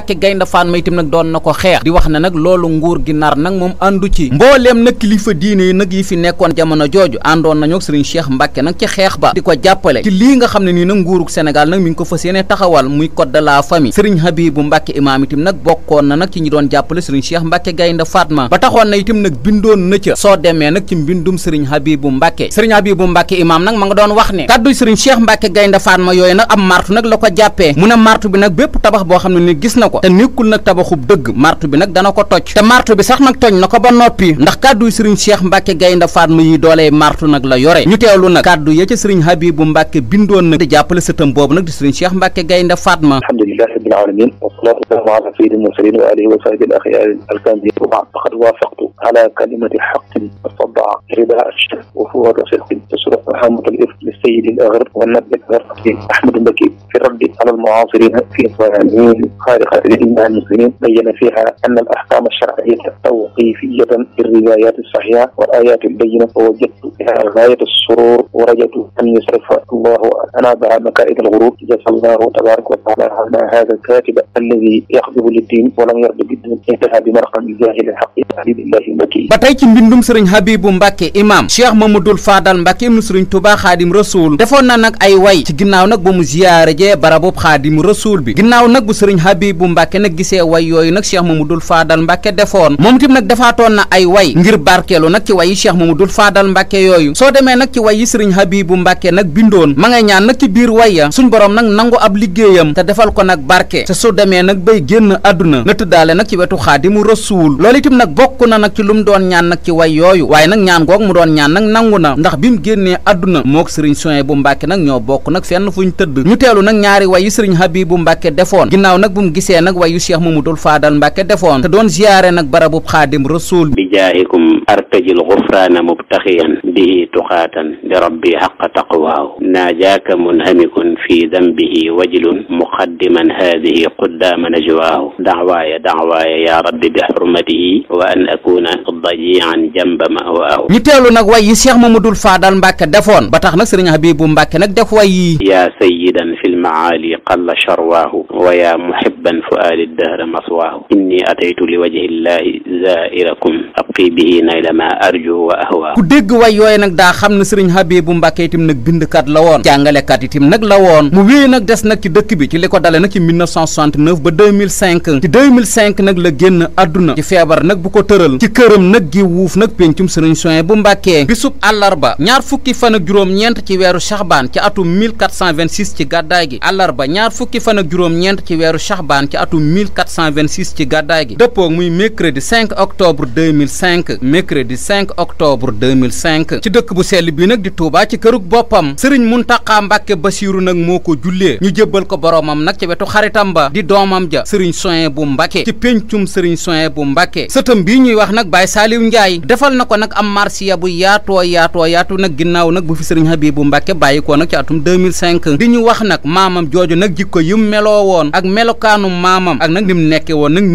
ko xeex di wax ne loolu nguur gi nar nag moom àndu ci mbooleem nag kilifa diine yi nag yi fi nekkoon jamono jooju àndoon nañu sëriñ cheikh mbàkke nag ci xeex ba di ko jàpp jàppale ci lii nga xam ne nii nag nguurug Sénégal nag mi ngi ko fas yéene taxawal muy code de la famille sëriñ Habibu Mbàkke imaam itam nag bokkoon na nag ci ñi doon jàppale sëriñ Cheikh Mbàkke Gaynde Fatma na itam nag bindoon na yooyu nag am martu nag la ko jàppee mu martu bi nag bépp tabax boo xam ne ni gis na ko te nekkul nag tabaxub dëgg martu bi nag dana ko toj te martu bi sax nag toj na ko ba noppi ndax kàddu sëriñ Cheikh Mbàkke Gaynde Fatma yi doolee martu nag la yore ñu teewlu Mbacke bindoon na di jàppale sëtam boobu nag di sëriñ Cheikh Mbacke Gaynde Fatma alhamdulilah rabbil alamin wasalaatu wasalaamu ala sayyidil mursalin wa alihi wa sahbihi al axyaar al kaamilin wa faqad waafaqtu على كلمة حق تصدع رداء الشرك وفور صدق تسرق محمد الإفك للسيد الأغر والنبي الأغر أحمد البكي في الرد على المعاصرين في صنعين خارقة لإمام المسلمين بين فيها أن الأحكام الشرعية توقيفية بالروايات الصحيحة والآيات البينة ووجدت بها غاية السرور ورجت أن يصرف الله أنا بعد مكائد الغروب جزا الله تبارك وتعالى على هذا الكاتب الذي يخدم للدين ولم يرد بالدين انتهى بمرقم الجاهل الحق الله ba tey ci mbindum sëriñ Habibu Mbàkke imam Cheikh dul Faadal Mbàkke ibnu sëriñ Tuubaa Xaadim Rasuul defoon na nag ay way ci ginnaaw nag ba mu ziyaare jee barabub Xaadim Rasuul bi ginnaaw nag bu sëriñ Habibu Mbàkke nag gisee way yooyu nag mu dul Faadal Mbàkke defoon moom tim nag defaatoon na ay way ngir barkeelu nag ci wayi Cheikh dul Faadal Mbàkke yooyu soo demee nag ci wayi sëriñ Habibu Mbàkke nag bindoon ma ñaan nag ci biir waya suñ borom nag nangu ab liggéeyam te defal ko nag barke te demee nag bay génn àdduna na tëddaale nag ci wetu Xaadimu Rasuul loolu itam nag bokk na nag ci lu mu doon ñaan nag ci way yooyu waaye nag ñaan goog mu doon ñaan nag nangu na ndax bi mu génnee àdduna mook sëriñ soye bu mbàkke nag ñoo bokk nag fenn fu ñu tëdd ñu teelu nag ñaari way yu sëriñ habibu mbàkke defoon ginnaaw nag bu mu gisee nag way yu cheikh mamadul faadal mbàkke defoon te doon ziyaare nag barabub xaadim rasuul jaahikum artajil gufraana mubtaxiyan bihi tuqaatan li rabbi xaqa taqwaahu naajaaka munhamikun fi dambihi wajlun muqaddiman haadihi quddaama najwaahu dacwaaya dacwaaya yaa rabbi bi xurmatihi wa an akuna dajian jamba mawaahu ñu teelu nag way yi Cheikh Mamadul Faadal Mbàkke defoon ba tax nag Sëriñ Habibu Mbàkke nag def way yi yaa sayidan fi lmaali qalla charwaahu wa yaa muhibban fuaali dahra maswaahu inni ataytu li wajhi llahi zairakum abqi bihi nayla ku dégg way yooyu nag daa xam ne sëriñ Habibu Mbàkke itam nag bindkat la woon jàngalekat itam nag la woon mu wéy nag des nag ci dëkk bi ci li ko dale nag ci 1969 ba 2005 ci 2005 nag la génn àdduna ci feebar nag bu ko tëral ci këram nag gi wuuf nag péncum sëriñ Soin bu Mbàkke bisub àllarba ñaar fukki fan ak juróom-ñeent ci weeru Saxbaan ci atum 1426 ci gàddaay gi àllarba ñaar fukki fan ak juróom-ñeent ci weeru Saxbaan ci atum 1426 ci gàddaay gi dëppoog muy mercredi 5 2005 mercredi 5 octobre 2005 ci dëkk bu sell bi nag di Touba ci kërug boppam sëriñ Muntaxa Mbàkke Basiiru nag moo ko jullee ñu jébbal ko boroomam nag ca wetu xaritam ba di doomam ja sëriñ soin bu Mbàkke ci péncum sëriñ soin bu Mbàkke sëtam bii ñuy wax nag bay Saaliw Njaay defal na ko nag am marsiya bu yaatoo yaatoo yaatu nag ginnaaw nag bu fi sëriñ Habibu Mbàkke bàyyi ko nag ca atum 2005 di ñu wax nag maamam jooju nag jikko yim meloo woon ak melokaanu maamam ak nag mu nekke woon nag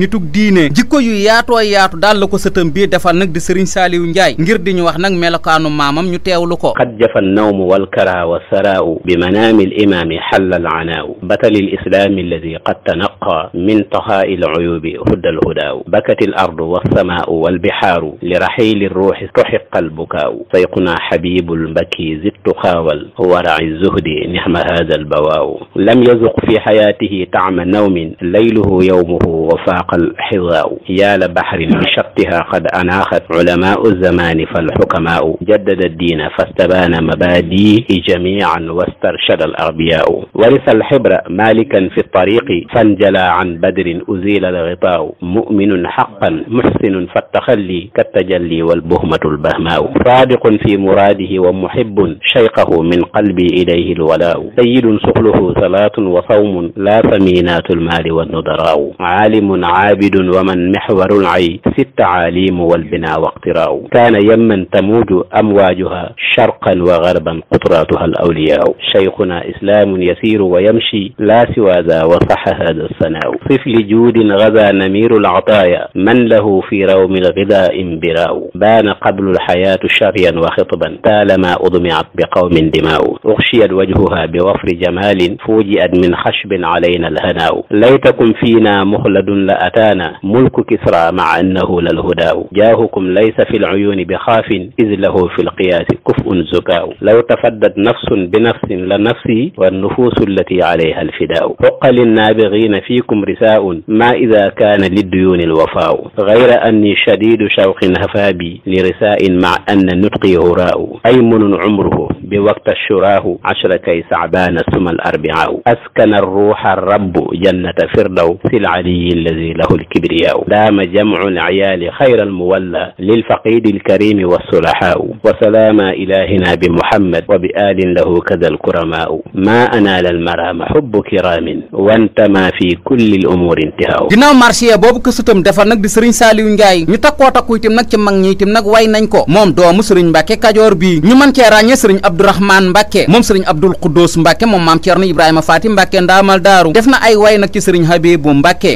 ñuy defal nag di sëriñ Saaliwu Njaay ngir di ñu wax nag melokaanu maamam ñu teewlu ko qad jafa annawmu walkara wa saraau bi manaami alimaami xalla alanaau batali alislaami alladi qad tanaqa min tahaai aluyubi hudda alhudaau bakati alardu walsamaau walbihaaru liraxiili alruuxi tuxiqa albukaawu sayquna xabibu lmbakki zittu xaawal waraci zuhdi nixma hada albawaawu lam yazuq fi xayaatihi tacma nawmin layluhu yowmuhu wa faaqa alxidaau yaala baxrin min shattiha qad أناخت علماء الزمان فالحكماء جدد الدين فاستبان مباديه جميعا واسترشد الأغبياء ورث الحبر مالكا في الطريق فانجلى عن بدر أزيل الغطاء مؤمن حقا محسن فالتخلي كالتجلي والبهمة البهماء صادق في مراده ومحب شيقه من قلبي إليه الولاء سيد سقله صلاة وصوم لا ثمينات المال والندراء عالم عابد ومن محور العي في التعاليم والبناء واقتراء كان يمن تموج أمواجها شرقا وغربا قطراتها الأولياء شيخنا إسلام يسير ويمشي لا سوى ذا وصح هذا الثناء صف لجود غدا نمير العطايا من له في روم الغذاء انبراء بان قبل الحياة شريا وخطبا طالما أضمعت بقوم دماء أغشيت وجهها بوفر جمال فوجئت من خشب علينا الهناء ليتكن فينا مخلد لأتانا ملك كسرى مع أنه للهداء jaahukum laysa fi luyuuni bi xaafin iz lahu fi lqiyaasi kufun zukaaw law tafaddat nafsun bi nafsin la nafsi wa nufuusu allati alayha alfidaaw xuqa linnaabigiina fiikum risaaun maa ida kaana lidduyuuni alwafaaw gayra anni shadiidu shawqin hafaabi li risaa'in maa anna nutqiyahu raaw aymunun umruhu bi waqta shuraahu ashra kay sacbaana suma alarbicaaw askana arruuxa rabbu jannata firdaw sil aliyi alladi lahu alkibriyaaw daama jamcu alciyaali xayra المولى للفقيد الكريم والصلحاء وسلاما إلهنا بمحمد وبآل له كذا الكرماء ما أنال المرام حب كرام وانتما في كل الأمور انتهاء ginnaaw marché boobu ko sutam defar nag di sëriñ Saaliw Njaay ñu takkoo takku itam nag ci mag ñi itam nag way nañ moom doomu sëriñ Mbàkke Kajoor bii ñu mën cee ràññee sëriñ Abdourahmane Mbàkke moom sëriñ Abdul Quddus Mbàkke moom maam Ceerno Ibrahima Faati Mbàkke ndaamal daaru def ay way ci sëriñ Habibu Mbàkke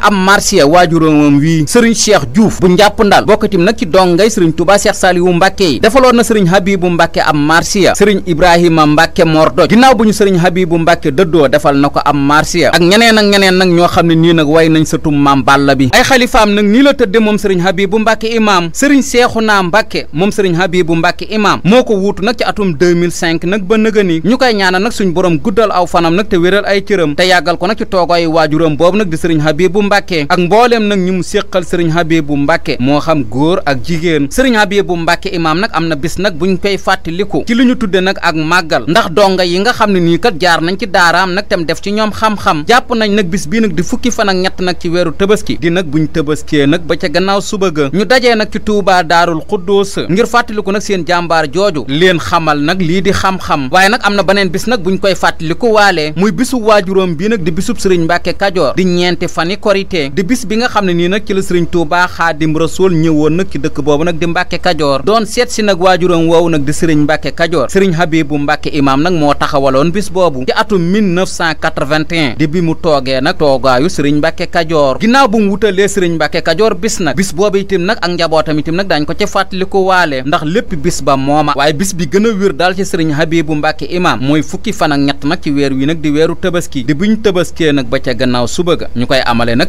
na am marché waajuróomam wii sëriñ cheikh diouf bu njàpp ndal bokkatim nag ci dongay sëriñ touba cheikh saaliwu mbàkke yi defaloon na sëriñ habibu mbàkke am marsiya sëriñ ibrahima mbàkke mordoj ginnaaw bu ñu sëriñ habibu mbàkke dëddoo defal na ko am marsiya ak ñeneen ak ñeneen nag ñoo xam ne nii nag way nañ sëtum maam balla bi ay xalifaam nag nii la tëdde moom sëriñ habibu mbàkke imaam sëriñ seexuna mbàkke moom sëriñ habibu mbàkke imaam moo ko wuutu nag ci atum 2005 nag ba nëgëni ñu koy ñaanal nag suñ borom guddal aw fanam nag te wéral ay cëram te yàggal ko nag ci toogooy waajuram boobu nag di sëriñ habibu Mbacke ak mbooleem nag ñu mu séqal sëriñ Habibu Mbacke moo xam góor ak jigéen sëriñ bu Mbacke imaam nag am na bis nag bu ñu koy fàttaliku ci li ñu tudde nag ak màggal ndax donga yi nga xam ne nii kat jaar nañ ci daaraam nag tam def ci ñoom xam-xam jàpp nañ nag bis bii nag di fukki fan ak ñett nag ci weeru tëbaski di nag bu ñu tëbaskee nag ba ca gannaaw suba ga ñu dajee nag ci Touba Daarul Xuddoos ngir fàttaliku nag seen jàmbaar jooju leen xamal nag lii di xam waaye nag am na beneen bis nag buñ koy fàttaliku waalee muy bisu waajuróom bii nag di bisub sëriñ Mbacke Kajoor korité di bis bi nga xam ne nii nag ci la sëriñ Touba Xaadim Rasool ñëwoon nag ci dëkk boobu nag di Mbàkke Kajoor doon seet si nag waajuram woowu nag di sëriñ Mbàkke Kajoor sëriñ Habibu Mbàkke imaam nag moo taxawaloon bis boobu ci atum 1981 di bi mu toogee nag toogaayu sëriñ Mbàkke Kajoor ginnaaw bu mu wutalee sëriñ Mbàkke Kajoor bis nag bis boobu itam nag ak njabootam itam nag daañ ko ci fàttaliku waale ndax lépp bis ba mooma waaye bis bi gën a wér daal ci sëriñ Habibu Mbàkke imaam mooy fukki fan ak ñett nag ci weer wi nag di weeru tabaski di buñ tabaskee nag ba ca gannaaw suba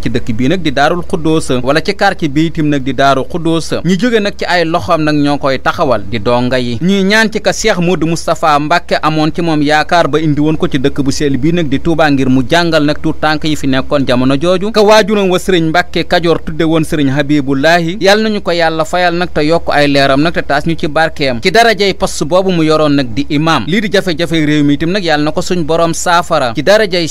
ci dëkk bii nag di daarul xuddoos wala ci quartier bi itam nag di daaru xuddoos ñu jóge nag ci ay loxoom nag ñoo koy taxawal di donga yi ñuy ñaan ci ka Cheikh Modou Moustapha Mbacke amoon ci moom yaakaar ba indi woon ko dëkk bu sell bii nag di Touba ngir mu jàngal nag tuut tànk yi fi nekkoon jamono jooju ka waajuram wa sëriñ Mbacke Kajoor tudde woon sëriñ Habibullahi yàlla nañu ko yàlla fayal nag te yokk ay leeram nag te taas ñu ci barkeem ci darajey post boobu mu yoroon nag di imam lii di jafe-jafe réew mi itam nag yàlla na ko suñ borom saafara ci darajey